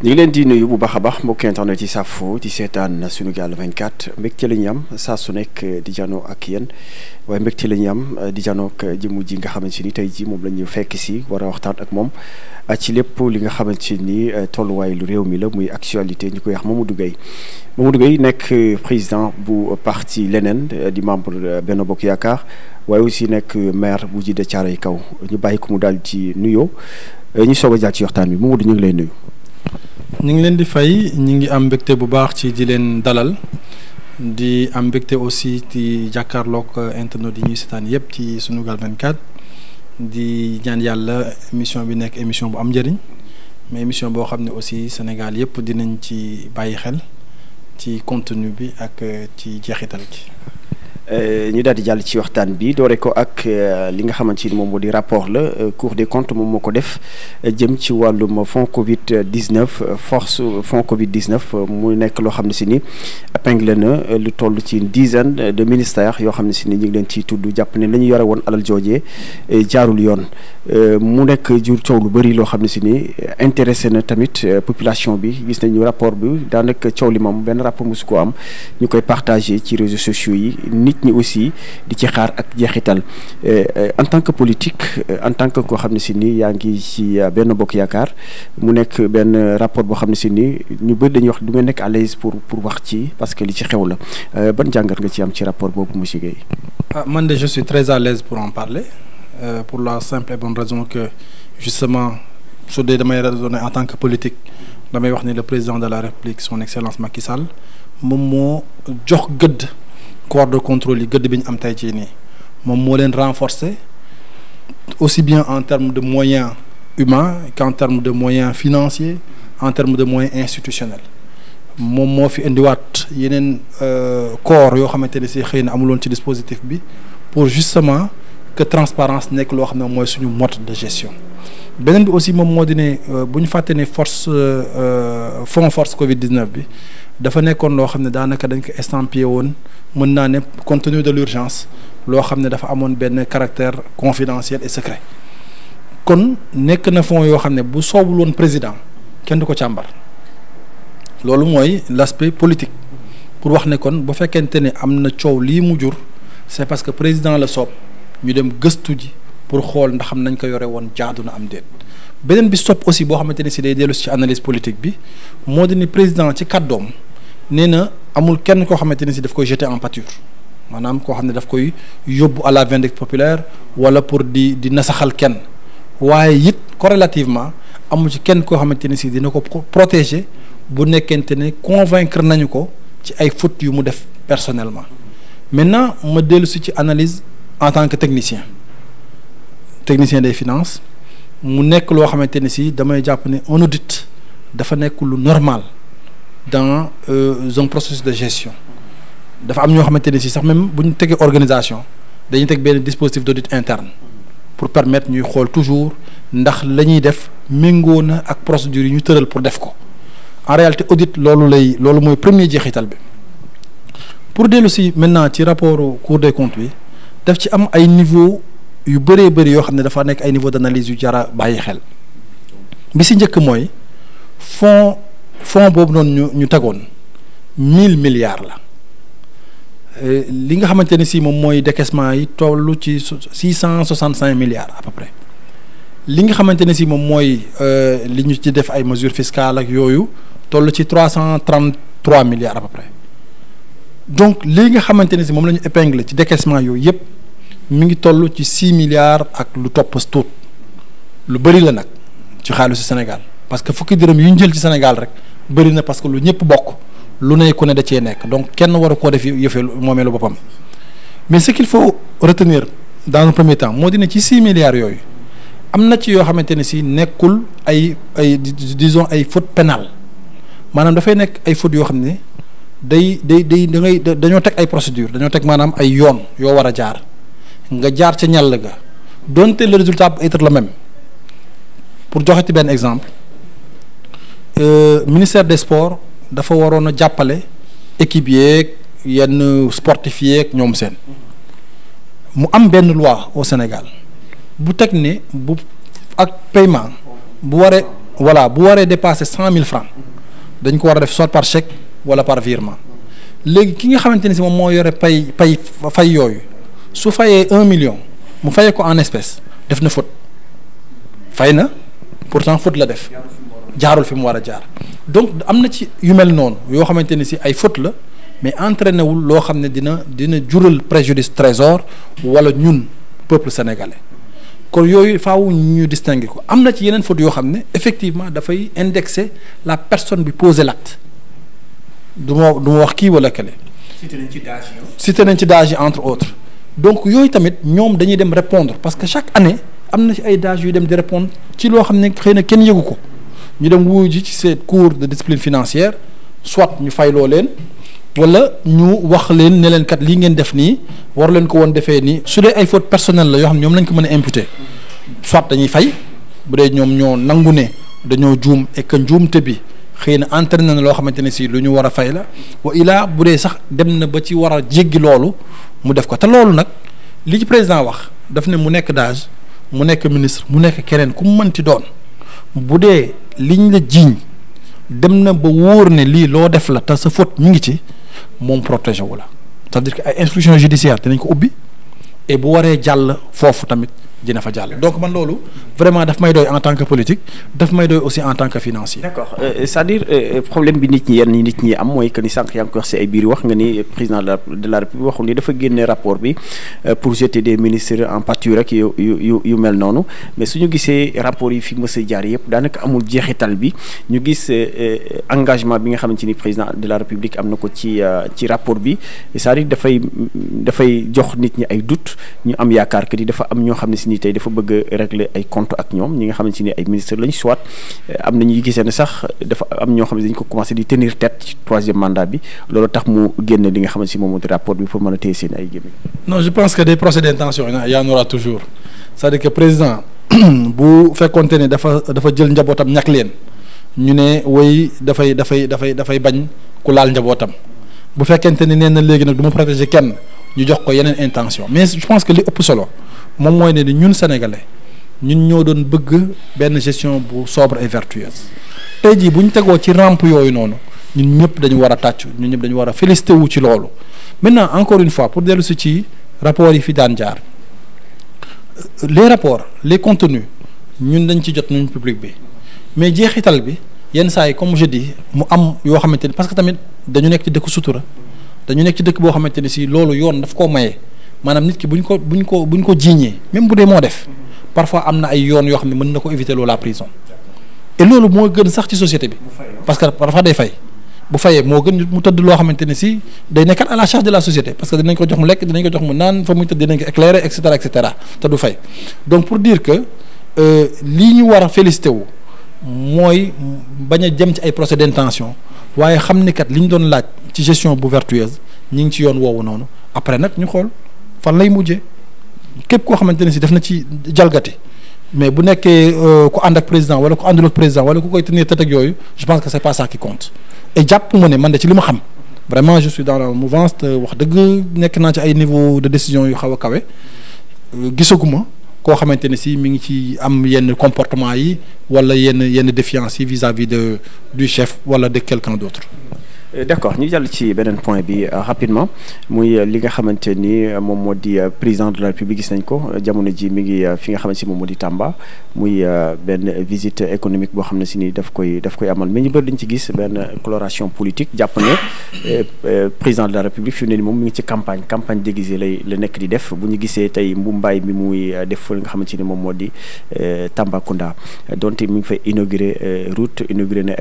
ñu ngi leen di nuyu bu baax a baax mbokki internet yi safo ci seetaan Sunugal 24 mbégte la ñu am saa su nekk di janoo ak yéen waaye mbégte la ñu am eh, di janoo ak jëmu ji nga xamante ni tey ji moom la ñu fekk si war a waxtaan ak moom eh, ci lépp li nga xamante ni eh, tolluwaay lu réew mi la muy actualité ñu koy mu Mamadou moom Mamadou Gueye nekk président bu parti leneen di membre benn Bokk Yaakaar waaye aussi nekk maire bu Djiddah Thiaroye Kaw ñu bàyyi ko mu daal ci nuyoo ñu soog a jaar ci waxtaan bi Mamadou ñu ngi lay nuyu. ñu ngi leen di fay ñu ngi am mbégte bu baax ci di leen dalal di am mbégte aussi di jàkkaarlook euh, internet yi ñuy seetaan yëpp ci Sunugal 24 di ñaan yàlla émission bi nekk émission bu am njëriñ mais émission boo xam ne aussi Sénégal yëpp dinañ ci bàyyi xel ci contenu bi ak euh, ci jeexital gi. Euh, ñu daal di jàll ci waxtaan bi dooree ko ak euh, li nga xamante ni moom moo di rapport la euh, Cour des comptes moom moo ko def jëm ci wàllu wàllum fonds Covid 19 force fonds Covid 19 mu nekk loo xam ne si ni épingle na lu toll ci une dizaine de ministères yoo xam ne si ni ñu ngi leen ciy tudd jàpp ne la ñu yore woon alal joojee jaarul yoon mu nekk jur coow lu bëri loo xam ne si ni intéressé na tamit population bi gis nañu rapport bi daanaka coow li moom benn rapport mosu ko am ñu koy partagé ci réseaux yi ñi aussi di ci xaar ak jeexital euh, euh, en tant que politique euh, en tant que koo xam ne si nii yaa ngi ci benn bokk yaakaar mu nekk benn rapport boo xam ne si nii ñu bëri dañuy wax du nga nekk à l'aise pour pour wax ci parce que li ci xew la ban jàngat nga ci am ci rapport boobu monsieur Guèye. ah man de je suis très à l'aise pour en parler euh, pour la simple et bonne raison que justement su dee damay raisonner en tant que politique damay wax ni le président de la République son excellence Macky moom moo jox gëdd. corps de contrôle yi gëdd bi ñu am tey ci nii moom moo leen renforcer aussi bien en terme de moyens humains qu'en termes de moyens financiers en termes de moyens institutionnels moom moo fi indiwaat yeneen euh, corps yoo xamante ne si xëy na amuloon ci dispositif bi pour justement que transparence nekk loo xam ne mooy suñu mode de gestion beneen bi aussi moom moo di ne euh, bu ñu fàtte ne force euh, euh, fonds force Covid 19 bi dafa nekkoon loo xam ne daanaka dañ ko estampillé woon mën naa ne compte tenu de l'urgence loo xam ne dafa amoon benn caractère confidentiel et secret kon nekk na fonds yoo xam ne bu soobul woon président kenn du ko càmbar loolu mooy l'aspect politique pour wax ne kon bu fekkente ne am na coow lii mu jur c'est parce que président la soob ñu dem gëstu ji. pour xool ndaxam nañ ko yore woon jaadu na am déet beneen bi stop aussi boo xamante ne si day dellu ci analyse politique bi moo di ni président ci kàddoom nee na amul kenn koo xamante ni si daf koy jeter en pâture maanaam koo xam ne daf koy yóbbu à la vindicte populaire wala pour di di nasaxal kenn waaye it corrélativement amul ci kenn koo xamante ni si dina ko protéger bu nekkente ne convaincre nañu ko ci ay fautes yu mu def personnellement maintenant ma dellu si ci analyse en tant que technicien. technicien des finances mu nekk loo xamante ne si damay jàpp ne un audit dafa nekk lu normal dans zone euh, processus de gestion dafa am ñoo xamante ne si sax même bu ñu tegee organisation dañuy teg benn dispositif d' audit interne pour permettre ñuy xool toujours ndax la ñuy def méngoo na ak procédure yi ñu tëral pour def ko en réalité audit loolu lay loolu mooy premier jeexital bi pour dellu si maintenant ci rapport Cour des comptes bi daf ci am ay niveau yu bëree bëri yoo xam ne dafa nekk ay niveau d'analyse yu jara bàyyi xel bi si njëkk mooy fonds fonds boobu noonu ñu ñu tegoon mille milliards la euh, li nga xamante ne si moom mooy décaissement yi toll ci six cent soixante cinq milliards à peu li nga xamante ne si moom mooy euh, li ñu ci def ay mesures fiscales ak yooyu toll ci trois cent trente trois milliards à peu près donc li nga xamante ne si moom lañu ñu épingle ci décaissement yooyu yëpp. mi ngi toll ci six milliards ak lu topp tuut lu bëri la nag ci xaalisu Sénégal parce que fukki dërëm yu ñu jël ci Sénégal rek bëri na parce que lu ñëpp bokk lu ne ku ne da cee nekk donc kenn waru koo def yëfee moomeelu boppam mais ce faut retenir dans un premier temps moo dina ci six milliards yooyu am na ci yoo xamante ne si nekkul ay ay disons ay faute pénale maanaam dafay nekk ay faute yoo xam ne day day day da ngay dañoo teg ay procédure dañoo teg maanaam ay yoon yoo war a jaar nga jaar ca ñàll ga donte le résultat peut être le même pour joxe ci benn exemple euh, ministère de sports dafa waroon a jàppale équipe yeeg yenn sportif yeeg ñoom seen mu am benn loi au Sénégal bu teg ni bu ak paiement bu waree voilà bu waree dépasser cent mille francs dañ ko war a def soit par chèque wala par virement léegi ki nga xamante ni si moom moo yore pay pay fay yooyu. su fayee un million mu fayee ko en espèce def na faute fay na pourtant faute la def jaarul fi mu war a jaar donc am na ci yu mel noonu yoo xamante ni si ay faute la mais entraîné wul loo xam ne dina dina jural préjudice trésor wala ñun peuple sénégalais kon yooyu faaw ñu distinguer ko am na ci yeneen faute yoo xam ne effectivement dafay indexer la personne bi posé l'acte du ma du ma wax kii wala kële. cité nañ ci daaj yi entre autres. donc yooyu tamit ñoom dañuy dem répondre parce que chaque année am na ci ay dages yuy dem di répondre ci loo xam ne xëy na kenn yëgu ko ñu dem wuyu ji ci seen cours de discipline financière soit ñu fay loo leen wala ñu wax leen ne leen kat lii ngeen def nii war leen ko woon defee nii su dee ay faut personnelles la yoo xam ne ñoom lañ ko mën a imputer soit dañuy fay bu dee ñoom ñoo nangu ne dañoo juum et que njuumte bi xëy na entraîné na loo xamante ne si lu ñu war a fay la wa bu dee sax dem na ba ci war a jéggi loolu mu def ko te loolu nag li ci président wax daf ne mu nekk DAGE mu nekk ministre mu nekk keneen ku mu mënti doon bu dee liñ la jiiñ dem na ba wóor ne lii loo def la te sa faute mi ngi ci moom protégé wu la c'est-à-dire que ay institutions judiciaires dinañ ko ubbi et bu waree jàll foofu tamit. dina fa jàll donc man loolu vraiment daf may doy en tant que politique daf may doy aussi en tant que financier. d'accord euh, euh, c'est-à-dire euh, problème bi nit ñi yenn nit ñi am mooy que ni sànq yaa ngi si ay biir wax nga ni président de la république waxu ni dafa génne rapport bi pour jeter des ministres en pâture ak yu yu yu mel noonu mais su ñu gisee rapport yi fi mës a jaar yëpp daanaka amul jeexital bi ñu gis engagement bi nga xamante ni président de la république am na ko ci ci rapport bi cest dafay dafay jox nit ñi ay doute ñu am yaakaar ni dafa am ñoo xam ne si ni tey dafa bëgg régler ay compte ak ñoom ñi nga xamante ni ay ministre lañ soit euh, am na ñuy gisee sax dafa am ñoo xam ne dañ ko commencé di tenir tête ci troisième mandat bi loolu tax mu génn li nga xamante si moom moo di rapport bi pour mën a téye seen ay gémmiñ non je pense que des procès d'intention il y bu fekkonte ne dafa dafa jël njabootam ñàkk leen ñu ne woy dafay dafay dafay dafay bañ ku laal njabootam bu fekkente ne neen na léegi nag du ma protéger kenn ñu jox ko yeneen intention mais je pense que li solo moom mooy ne ni ñun sénégalais ñun ñoo doon bëgg benn gestion bu sobre et vertueuse tey jii bu ñu tegoo ci rampe yooyu noonu ñun ñëpp dañu war a tàcc ñun ñëpp dañu war a félicité wu ci loolu maintenant encore une fois pour dellu si ci rapport yi fi daan jaar les rapports les contenus ñun dañ ci jot ñun public bi mais jeexital bi yenn saa yi comme je mu am yoo xamante ni parce que tamit dañu nekk ci dëkk sutura dañu nekk ci dëkk boo xamante ni sii loolu yoon daf koo maye. maanaam nit ki bu ñu ko bu ñu ko bu ñu ko jiiñee même bu dee moo def parfois am na ay yoon yoo xam ne mën na ko éviter loolu la prison et loolu moo gën sax ci société bi parce que parfois day fay bu fayee moo gën mu tëdd loo xamante ne si day nekkat à la charge de la société parce que dinañ ko jox mu lekk dinañ ko jox mu naan fa muy tëdd dinañ ko éclairer et cetera et cetera te du fay donc pour dire que euh, lii ñu war a félicité wu mooy bañ a jëm ci ay procès d'intention waaye xam ni kat li ñu doon laaj ci gestion bu ñi ngi ci yoon woowu noonu après nag ñu xool. fan lay mujjee képp koo xamante ne si def na ci jalgati mais bu nekkee euh, ku and ak président wala ku àndul ak président wala ku koy tenir tête ak yooyu je pense que c'est pas ça jàpp ma ne man de ci li ma xam vraiment je suis dans la mouvance wax dëgg nekk naa ci ay niveau de décision yu xaw a kawe euh, gisaguma koo xamante ne si mi ngi ci am yenn comportement yi wala yenn yenn défiance yi vis-à-vis de du chef wala de quelqu'un d'autre Euh, d' accord ñu jàll ci beneen point bi euh, rapidement muy euh, li nga xamante ni moom moo di président de la république gis nañ ko jamono ji mi ngi fi nga xamante si moom moo di Tamba muy benn visite économique boo xam ne si ni daf koy daf koy amal mais ñu bëri dañ ci gis benn coloration politique jàpp ne président de la république fi mu ni moom mi ngi ci campagne campagne déguisée lay la nekk di def bu ñu gisee tey mbumbaay mi muy def fa li nga xamante ni moom moo di Tambacounda donte mi ngi fay inauguré route inauguré na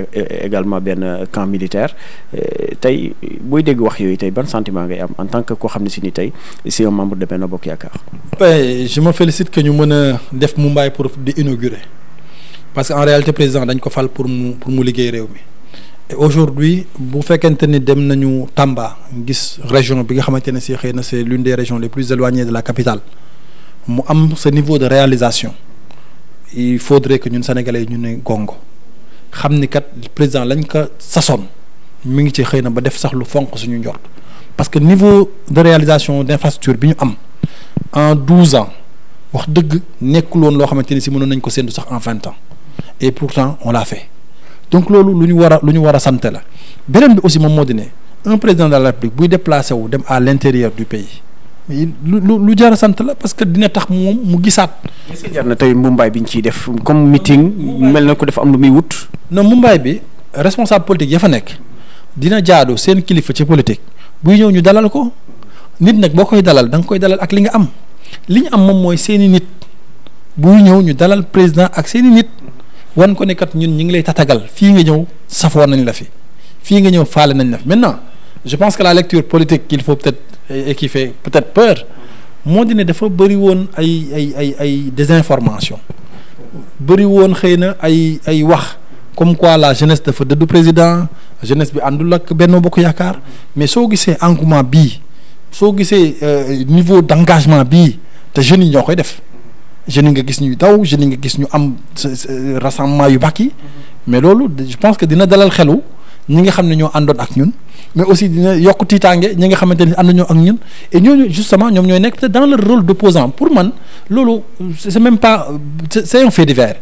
également benn camp militaire. Euh, tey booy dégg wax yooyu tey ban sentiment ngay am en tant que koo xam ne si ni tey si un membre de Benno Bokk Yaakaar. je me félicite que ñu mën a def Mumbaay pour di inaugurer parce que en réalité président dañ ko fal pour mu pour mu liggéey réew mi. et aujourd'hui bu fekkente ni dem nañu Tamba ngis région bi nga xamante ne si xëy na c'est l'une des régions les plus éloignées de la capitale mu am ce niveau de réalisation il faudrait que ñun sénégalais ñu ne gongo xam ni kat président lañ ko sasoon mi ngi ci xëy na ba def sax lu fonk suñu njort parce que niveau de réalisation d'infrastructure bi ñu am en douze ans wax dëgg nekkul woon loo xamante ni si mënoon nañ ko séntu sax en vingt ans et pourtant on l'a fait donc loolu lu ñu war a lu ñu war a sant la beneen bi aussi moom moo di ne un président de la République buy déplacé wu dem à l'intérieur du pays lu lu lu jar a sant la parce que dina tax moom mu gisaat. na tey Mumbaay bi ñu ciy def comme meeting. mel na ko dafa am lu muy wut. non Mumbaay bi responsable fa nekk. dina jaadu seen kilifa ci politique buy ñëw ñu dalal ko nit nag boo koy dalal da nga koy dalal ak li nga am li ñu am moom mooy seeni nit buy ñëw ñu dalal président ak seeni nit wan ko ne ñun ñu ngi lay tatagal fii nga ñëw safoon nañ la fi fii nga ñëw faale nañ la fi maintenant je pense que la lecture politique qu'il faut peut-être peut-être peur moo di ne dafa bëri woon ay ay ay ay désinformation bëri woon xëy na ay ay wax. comme quoi la jeunesse dafa dëddu président jeunesse bi àndul ak Benno Bokk Yaakaar mais soo gisee engouement bii soo gisee euh, niveau d' engagement bii te jeunes yi ñoo koy def jeunes yi nga gis ñuy daw jeunes yi nga gis ñu am rassemblement yu bàkki mais loolu je pense que dina dalal xelu ñi nga xam ne ñoo àndoon ak ñun mais aussi dina yokk tiitaange ñi nga xamante ni ànd ñoo ak ñun et ñooñu justement ñoom ñooy nekk peut-être dans le rôle d' opposant pour man loolu c' est même pas c' est un fait divers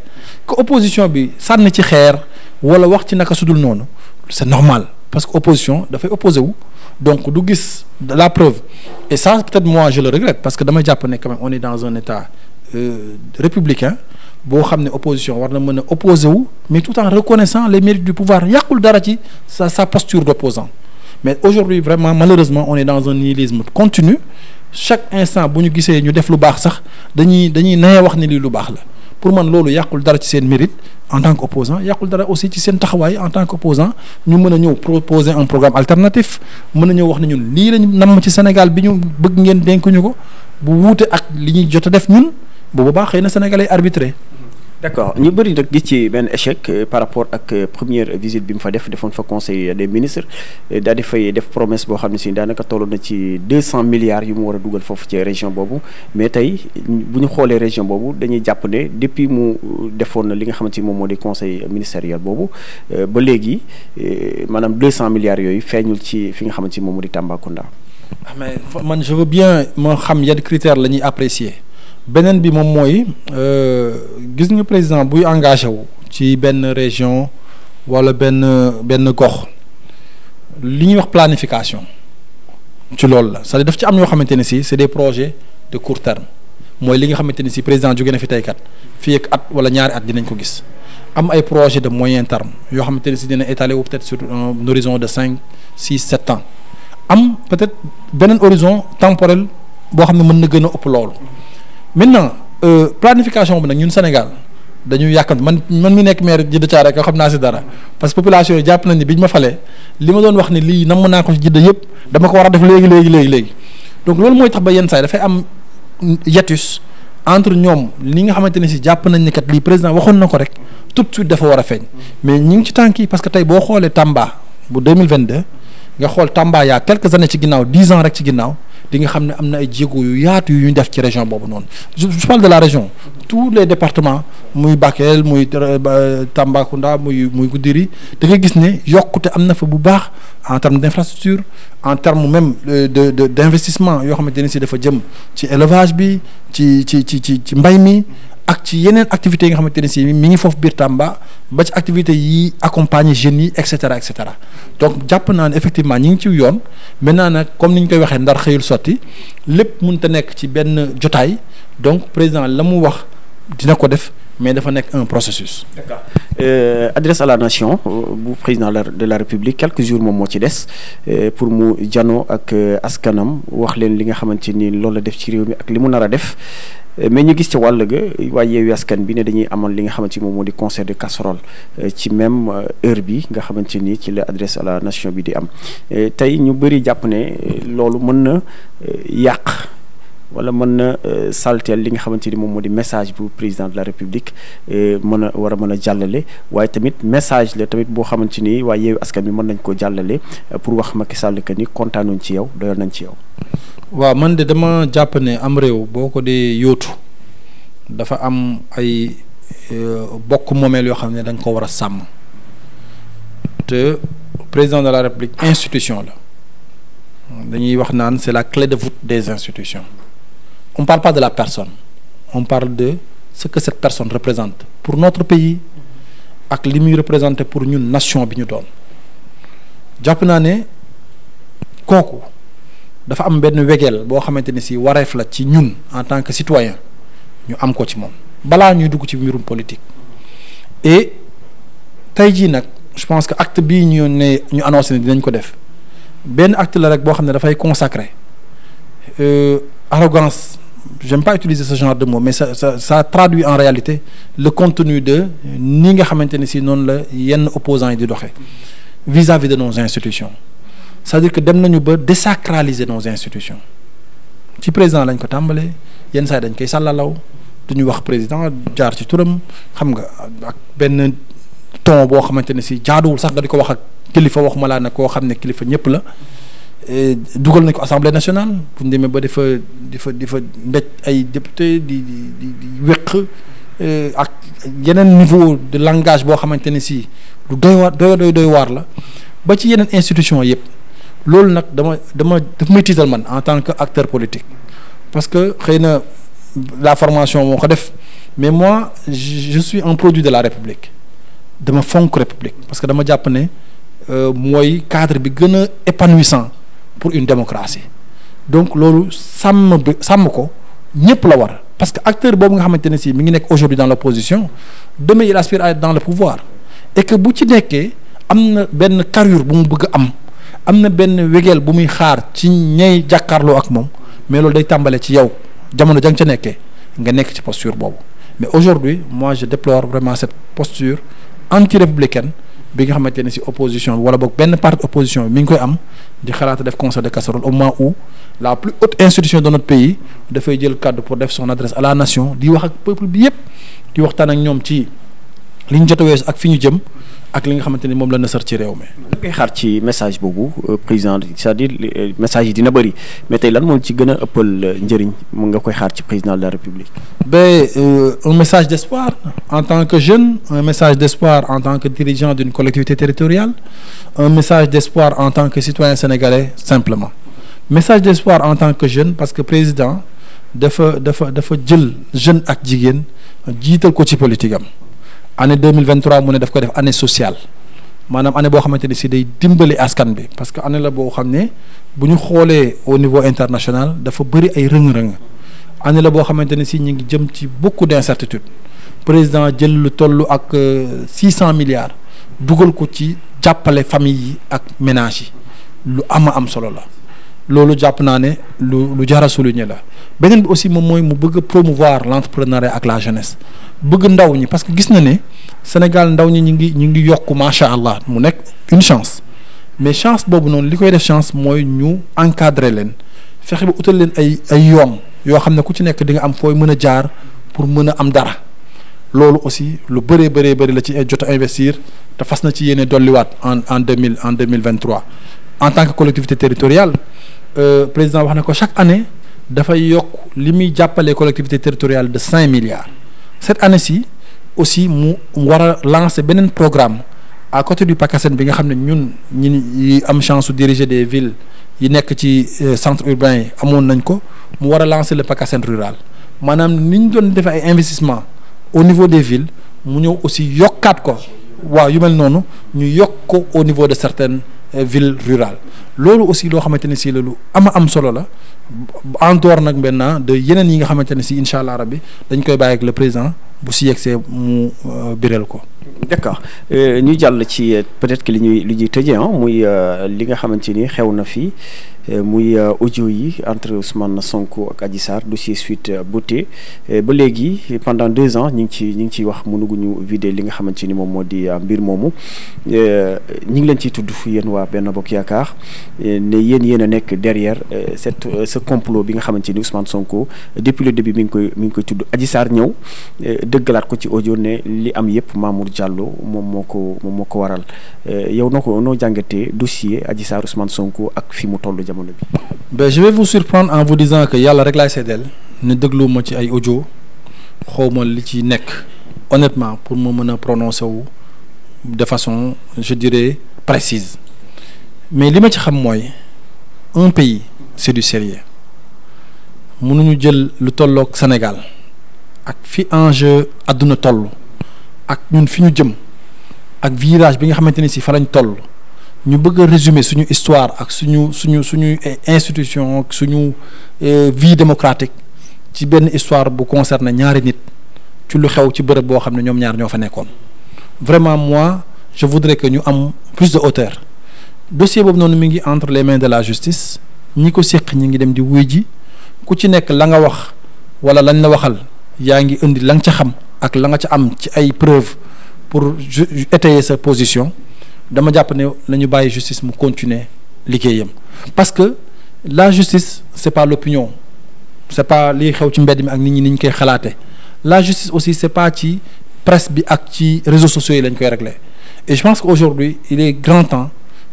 que opposition bi sànni ci xeer wala wax ci naka sudul noonu c'est normal parce que opposition dafay opposé wu donc du gis la preuve et ça peut-être moi je le regrette parce que damay jàpp ne quand même on est dans un état euh, républicain boo xam ne opposition war na mën a opposé wu mais tout en reconnaissant les mérites du pouvoir yàqul dara ci sa sa posture d'opposant mais aujourd'hui vraiment malheureusement on est dans un nihilisme continu chaque instant bu ñu gisee ñu def lu baax sax dañuy dañuy naye wax ni lii lu baax la pour man loolu yàqul dara ci seen mérite en tant que opposant yàqul dara aussi ci seen taxawaay en tant que opposant ñu mën a ñëw proposer un programme alternatif mën a ñëw wax ne ñun lii lañ nam ci Sénégal bi ñu bëgg ngeen dénkuñu ko bu wuute ak li ñuy jot a def ñun bu boobaa xëy na sénégalais arbitré d'accord ñu bëri nag gis ci benn échec euh, par rapport ak euh, première visite bi mu fa def defoon fa conseil euh, des ministres daal di fay def promesse boo xam ne si daanaka tolloon na ci deux cent milliards yu mu war a dugal foofu ci région boobu mais tey bu ñu xoolee région boobu dañuy jàpp ne depuis mu defoon li nga xamante ni moom moo di conseil ministériel boobu ba léegi maanaam deux cent milliards yooyu feeñul ci fi nga xamante ni moom moo di Tambacounda. Ah, mais man je bien moo xam yan critères la ñuy apprécier. beneen bi moom mooy euh, gis nga président buy engagé wu ci benn région wala benn benn gox li ñuy wax planification ci loolu la cest def dire daf ci am yoo xamante ne si c'est des projets de court terme mooy li nga xamante ne si président jóge na fi teykat fi ak at wala ñaari at dinañ ko gis am ay projets de moyen terme yoo xamante ne si dina étaler wu peut-être sur un horizon de cinq six sept ans am peut-être beneen horizon temporel boo xam ne mën na gën a ëpp loolu maintenant euh, planification bi nag ñun Sénégal dañu yàkkamti man man mi nekk maire Djidda Thiaroye Kao xam naa si dara parce que population yi jàpp nañ ni bi ñu ma falee li ma doon wax ni lii nam naa ko si Djidda yëpp dama ko war a def léegi léegi léegi léegi donc loolu mooy tax ba yenn saa dafay am hiatus entre ñoom li nga xamante ni si jàpp nañ ni kat lii président waxoon na ko rek tout de suite dafa war a feeñ mais ñu ngi ci tànk yi parce que tey boo xoolee Tamba bu 2022 nga xool Tamba yaa ginnaaw dix ans ci ginnaaw li nga xam ne am na ay jéego yu yaatu yu ñu def ci région boobu noonu ju parle de la région tous les départements muy Bakel muy euh, Tambacounda muy muy Goudiri da nga gis ni yokkute am na fa bu baax en terme d'infrastructure en terme même euh, de de d'investissement yoo xamante ne si dafa jëm ci élevage bi ci ci ci ci ci mbay mi ak ci yeneen activité yi nga xamante ne si mi ngi foofu biir Tamba ba ci activités yi accompagner jeunes yi et cetera et cetera donc jàpp naa ne effectivement ñi ngi ci yoon maintenant nag comme ni ñu koy waxee ndar xëyul sotti lépp mënut a nekk ci benn jotaay donc président la mu wax dina ko def. mais dafa nekk un processus. d'accord euh, adresse à la nation euh, bu président de la république quelques jour moom moo ci des euh, pour mu janoo ak euh, askanam wax leen li nga xamante nii loolu la def ci réew mi ak li mu nar a def mais ñu gis ca wàll ga waaye yeewu askan bi ne dañuy amoon li nga xamante ni moom moo di concert de casserole ci même heure bi nga xamante nii ci la adresse à la nation bi di am tey ñu bëri jàpp ne loolu mën na yàq. wala mën na euh, salteel li nga xamante ni moom moo di message bu président de la république euh, mën a war a mën a jàllale waaye tamit message la tamit boo xamante ni waaye yeewu askan bi mën nañ ko jàllale euh, pour wax Macky Sall que ni kontaanuñ ci yow doyoon nañ ci yow. waaw man de dama jàpp ne am réew boo ko dee yootu dafa am ay bokk moomeel yoo xam ne da ko war a sàmm te président de la république institution la dañuy wax naan c'est la clé de voûte des institutions on ne parle pas de la personne on parle de ce que cette personne représente pour notre pays ak li muy représenté pour ñun nation bi ñu doon jàpp naa ne kooku dafa am benn wegeel boo xamante ni si wareef la ci ñun en tant que citoyen ñu am ko ci moom balaa ñuy dugg ci mbirum politique et tey jii nag je pense que acte bii ñu ne ñu annoncé ne dinañ ko def benn acte la rek boo xam ne dafay consacré euh, arrogance j'aime pas utiliser ce genre de mot mais ça ça ça traduit en réalité le contenu de ni nga xamante ne si noonu la yenn opposants yi di doxee vis-à-vis de nos institutions cest dire que dem nañu ba désacraliser nos institutions ci président lañ ko tàmbalee yenn saa dañ koy sàllalaw du ñu wax président jaar ci turam xam nga ak benn ton boo xamante ne si jaaduwul sax nga di ko wax ak kilifa waxuma laa ne koo xam ne kilifa ñëpp la. Euh, dugal nañ ko assemblée nationale pour ñu ba di fa di fa ay député di di euh, ak yeneen niveau de langage boo xamante ne si lu doy waar doy doy waar la ba ci yeneen institution yëpp loolu nag dama dama daf may tiital man en tant que acteur politique parce que xëy na la formation moo ko def mais moi je suis un produit de la république dama fonk république parce que dama jàpp ne euh, mooy cadre bi gën a épanouissant pour une démocratie donc loolu sàmm bi sàmm ko ñëpp la war parce que acteur boobu nga xamante ne si mi ngi nekk aujourd'hui dans l'opposition demain il aspire à être dans le pouvoir et que bu ci nekkee am na benn carrure bu mu bëgg am am na benn wegeel bu muy xaar ci ñay jàkkaarloo ak moom mais loolu day tàmbale ci yow jamono jang ca nekkee nga nekk ci posture boobu mais aujourd'hui moi je déplore vraiment cette posture anti-républicaine bi nga xamante ne si opposition bi wala boog benn parti opposition bi mi ngi koy am di xalaata def concert de casserole au moment où la plus haute institution de notre pays dafay jël kàddu pour def son adresse à la nation di wax ak peuple bi yëpp di waxtaan ak ñoom ci li ñu jot a weesu ak fi ñu jëm ak li nga xamante ni moom la nësar ci réew mi. li koy xaar ci message boobu euh, président cest dire euh, message yi dina bëri mais tey lan moom ci gën a ëppal euh, njëriñ mun nga koy xaar ci président de la république. ben un message d'espoir en tant que jeune un message d'espoir en tant que dirigeant d'une collectivité territoriale un message d'espoir en tant que citoyen sénégalais simplement message d'espoir en tant que jeune parce que président dafa dafa dafa jël jeune ak jigéen jiital ko ci politique am. anne deux mille vingt trois mu ne daf ko def année sociale maanaam année boo xamante ni si day dimbali askan bi parce que année la boo xam ne bu ñu xoolee au niveau international dafa bëri ay rëng-rëng année la boo xamante ne si ñu ngi jëm ci beaucoup d'incertitude président jël lu toll ak euh, six cent milliards dugal ko ci jàppale famille yi ak ménage yi lu ama am solo la loolu jàpp naa ne lu lu jar a la beneen bi aussi moom mooy mu bëgg a promouvoir l'entrepreneuriat ak la jeunesse bëgg ndaw ñi parce que gis na ne Sénégal ndaw ñi ñu ngi ñu ngi yokk macha allah mu nekk une chance mais chance boobu noonu li koy def chance mooy ñu encadrer leen fexe bi utal leen ay ay yoon yoo xam ne ku ci nekk di nga am fooy mën a jaar pour mën a am dara loolu aussi lu bëree bare bëri la ci jot a investir te fas na ci yéene dolliwaat en en deux mille en deux mille vingt-trois tant que collectivité territoriale. Euh, président wax na ko chaque année dafay yokk li muy jàppale collectivité territoriale de cinq milliards cette année si aussi mu war a lancer beneen programme à côté du PACASEN bi nga xam ne ñun ñi am chance su diriger des villes yi nekk ci euh, centre urbain yi amoon nañ ko mu war a lancer le PACASEN rural maanaam ni ñu doon defee ay investissement au niveau des villes mu ñëw aussi yokkaat ko waa yu mel noonu ñu yokk ko au niveau de certaines Euh, ville rurale loolu aussi loo xamante ne si la lu ama am solo la en dehors nag maintenant de yeneen yi nga xamante ne si incha allah bi dañ koy bàyyi ak le président bu si yegsee mu euh, biral ko. d'accord euh, ñu jàll ci euh, peut-être que li ñuy li ñuy tëjee ah muy li nga xamante ni xew na fi muy audio yi entre Ousmane Sonko ak Adji Sarr dossier Sweet Beauté ba léegi pendant deux ans ñu ngi ci ñu ngi ciy wax mënuguñu vider li nga xamante ni moom moo di mbir moomu ñu ngi leen ciy tudd yéen waa Benno Bokk Yaakaar ne yéen yéen a nekk derrière cette ce complot bi nga xamante ni Ousmane Sonko depuis le début mi ngi koy mi ngi koy tudd Adji Sarr ñëw. dëggalaat ko ci audio ne li am yëpp Mamour jàlloo moom moo ko moom moo ko waral eh, yow noo ko noo jàngatee dossier aji Sarr Ousmane Sonko ak fi mu tollu jamono bi. ben je vais vous surprendre en vous disant que yàlla rek laay seddeel ne déglu ma ci ay audio xaw ma li ci nekk honnêtement pour ma mën a prononcer wu de façon je dirais précise mais li ma ci xam mooy un pays c'est du sérieux mënuñu jël lu tollook Sénégal. ak fi enjeu àdduna toll ak ñun fi ñu jëm ak virage bi nga xamante ni si fa lañ toll ñu bëgg a résumer suñu histoire ak suñu suñu suñu eh, institution ak suñu eh, vie démocratique ci benn histoire bu concerne ñaari nit ci lu xew ci bërëb boo xam ne ñoom ñaar ñoo fa nekkoon vraiment moi je voudrais que ñu am plus de hauteur dossier boobu noonu mi ngi entre les mains de la justice ñi ko séq ñi ngi dem di wuy ji ku ci nekk la nga wax wala lañ la waxal yaa ngi indi la nga ca xam ak la nga ca am ci ay preuve pour étayer sa position dama jàpp ne la ñu bàyyi justice mu continuer liggéeyam parce que la justice c'est pas l'opinion c'est pas liy xew ci mbedd mi ak nit ñi ni ñu koy xalaate la justice aussi c'est pas ci presse bi ak ci réseaux sociaux yi lañ koy régler et je pense que aujourd'hui il est grand temps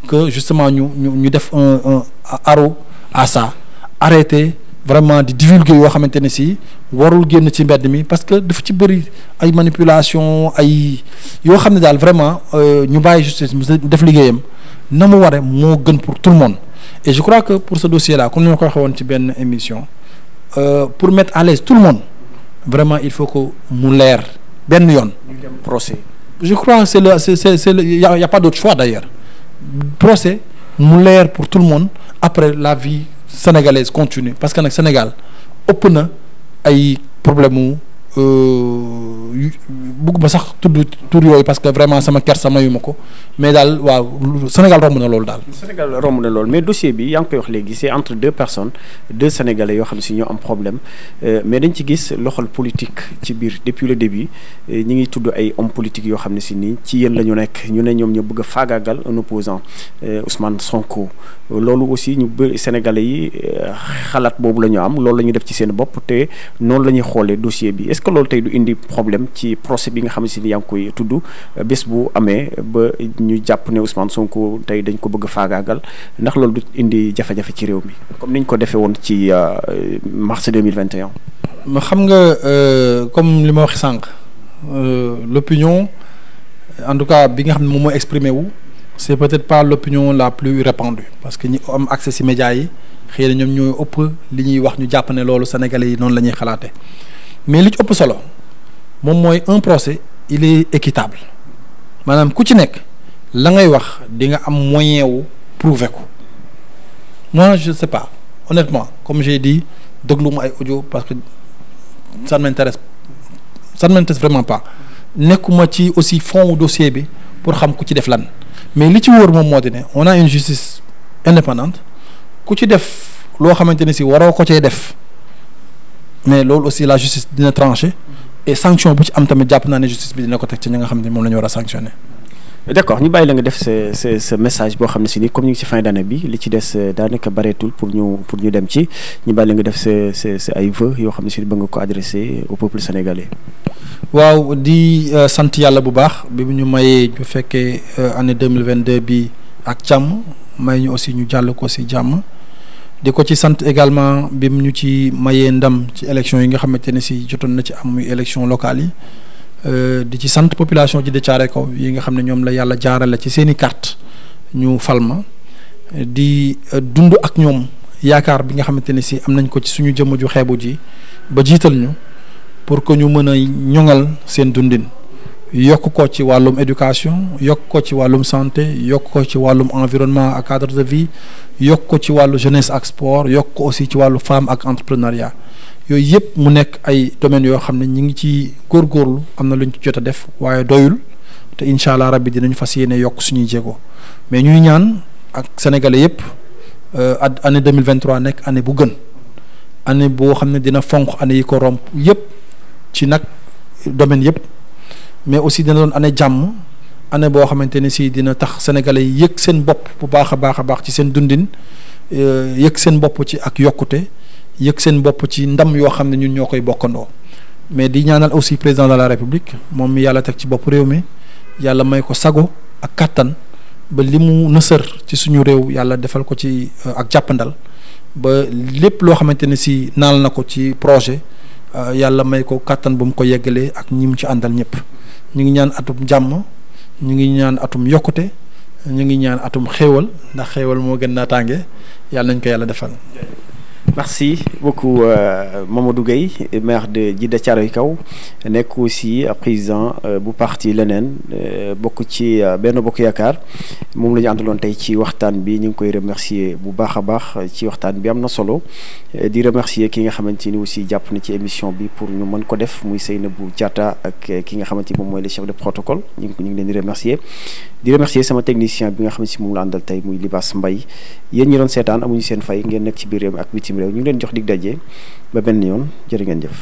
que justement ñu ñu def un un arrêt à ça arrêter vraiment di divulguer yoo xamante ne si warul génn ci mbedd mi parce que dafa ci bëri ay manipulation ay yoo xam ne daal vraiment euh, ñu bàyyi justice mu def liggéeyam na mu waree moo gën pour tout le monde et je crois que pour ce dossier là comme ni ma ko waxee woon ci benn émission euh, pour mettre à l'aise tout le monde vraiment il faut que mu leer benn yoon. procès. je crois c'est le c'est c'est le y a y a pas d'autre choix d'ailleurs procès mu leer pour tout le monde après la vie. sénégalaise continue parce que nag Sénégal ëpp na ay problème mu euh, bëgguma sax tudd tur yooyu parce que vraiment sama kersa mayu ma ko mais daal waaw Sénégal romb na loolu daal. Sénégal romb na loolu mais dossier bi yaa ngi koy wax léegi c'est entre deux personnes deux sénégalais yoo xam si ñoo am problème euh, mais dañ ci gis loxol politique ci biir depuis le début euh, ñi ngi tudd ay hommes politiques yoo xam ne si nii ci yéen la ñu nekk ñu ne ñoom ñoo bëgg a faagaagal un opposant Ousmane Sonko. loolu aussi ñu bëri sénégalais yi euh, xalaat boobu la ñu am loolu la ñu def ci seen bopp te noonu lañuy ñuy xoolee dossier bi est-ce que loolu tey du indi problème ci procès bi nga xam si ni yaa ngi koy tudd euh, bés bu amee ba ñu jàpp ne Ousmane Sonko tey dañ ko bëgg a faagaagal ndax loolu du indi jafe ci réew mi comme niñ ko defee woon ci euh, mars 2021 ma xam nga comme li ma wax sànq l'opinion en tout cas bi nga xam ne moom moo exprimé wu c'est peut-être pas l'opinion la plus répandue parce que ñi am accès ci médias yi xëy na ñoom ñoo ëpp li ñuy wax ñu jàpp ne loolu sénégalais yi noonu la ñuy xalaate mais li ci ëpp solo moom mooy un procès il est équitable maanaam ku ci nekk la ngay wax di nga am moyen wu prouver ko moi je sais pas honnêtement comme j'ai dit déglu ma ay audio parce que ça ne m'intéresse ça ne m'intéresse vraiment pas nekkuma ci aussi fond dossier bi pour xam ku ci def lan mais li ci wóor moom moo di ne on a une justice indépendante ku ci def loo xamante ne si waroo ko cee def mais loolu aussi la justice dina trancher et sanction bu ci am tamit jàpp naa ne justice bi dina ko teg ci ñi nga xam ne moom la ñu war a sanctionner d' ñu bàyyi la nga def sa sa sa message boo xam ne si ni comme ñu ngi ci fin d' bi li ci des euh, daanaka bareetul pour ñu pour ñu dem ci ñu bàyyi la nga def sa sa sa ay vœux yoo xam ne si ni ba nga ko adressé au peuple sénégalais. waaw di euh, sant yàlla bu baax bi mu ñu mayee ñu fekkee euh, anne deux mille vingt deux bi ak càmm may ñu aussi ñu jàll ko si jàmm di ko ci sant également bi mu ñu ci mayee ndam ci élection yi nga xamante ne si jotoon na ci am muy élection locale yi. Euh, di ci sant population ji de Thiaroye Kaw yi nga xam ne ñoom la yàlla la ci seeni i carte ñu falma di euh, dund ak ñoom yaakaar bi nga xamante ne si am nañ ko ci suñu jëmm ju xeebu ji ba jiital ñu pour que ñu mën a ñoŋal seen dundin yokk ko ci wàllum éducation yokk ko ci wàllum santé yokk ko ci wàllum environnement ak cadre de vie yokk ko ci wàllu jeunesse ak sport yokk ko aussi ci wàllu femme ak entrepreneuriat yooyu yëpp mu nekk ay domaines yoo xam ne ñi ngi ci góorgóorlu am na lu ci jot a def waaye doyul te incha allah rabbi dinañ fas yéene yokk suñuy jéego mais ñuy ñaan ak sénégalais yëpp euh, at année deux mille vingt trois nekk année bu gën année boo xam ne dina fonk année yi ko romb yëpp ci nag domaine yëpp mais aussi dina doon année jàmm année boo xamante ne si dina tax sénégalais yi yëg seen bopp bu baax a baax a baax ci seen dundin euh, yëg seen bopp ci ak yokkute. yëg seen bopp ci ndam yoo xam ne ñun ñoo koy bokkandoo mais di ñaanal aussi président de la république moom mi yàlla teg ci bopp réew mi yàlla may ko sago ak kàttan ba li mu nësër ci suñu réew yàlla defal ko ci euh, ak jàppandal ba lépp loo xamante ne si naal na ko ci projet euh, yàlla may ko kàttan bu mu ko yeggalee ak ñi ci àndal ñëpp ñu ngi ñaan atum jàmm ñu ngi ñaan atum yokkute ñu ngi ñaan atum xéewal ndax xéewal moo gën naa tànge yàlla nañ ko yàlla defal Merci beaucoup euh, Mamadou Gueye maire de Djiddah Thiaroye Kaw nekk aussi euh, président euh, bu parti leneen euh, bokk ci euh, Benno Bokk Yaakaar moom la ñu àndaloon tey ci waxtaan bi ñu ngi koy remercier bu baax a baax euh, ci waxtaan bi am na solo di remercier ki nga xamante ni aussi jàpp na ci émission bi pour ñu mën ko def muy Seynabou Diatta ak ki nga xamante ni moom mooy le chef de protocole ñu ngi ñu ngi leen remercier di remercier sama technicien bi nga xamante si moom la àndal tey muy Libas Mbaye yéen ñi doon nekk ci biir réew ñu ngi leen jox dig daje ba benn yoon jërë ngeen jëf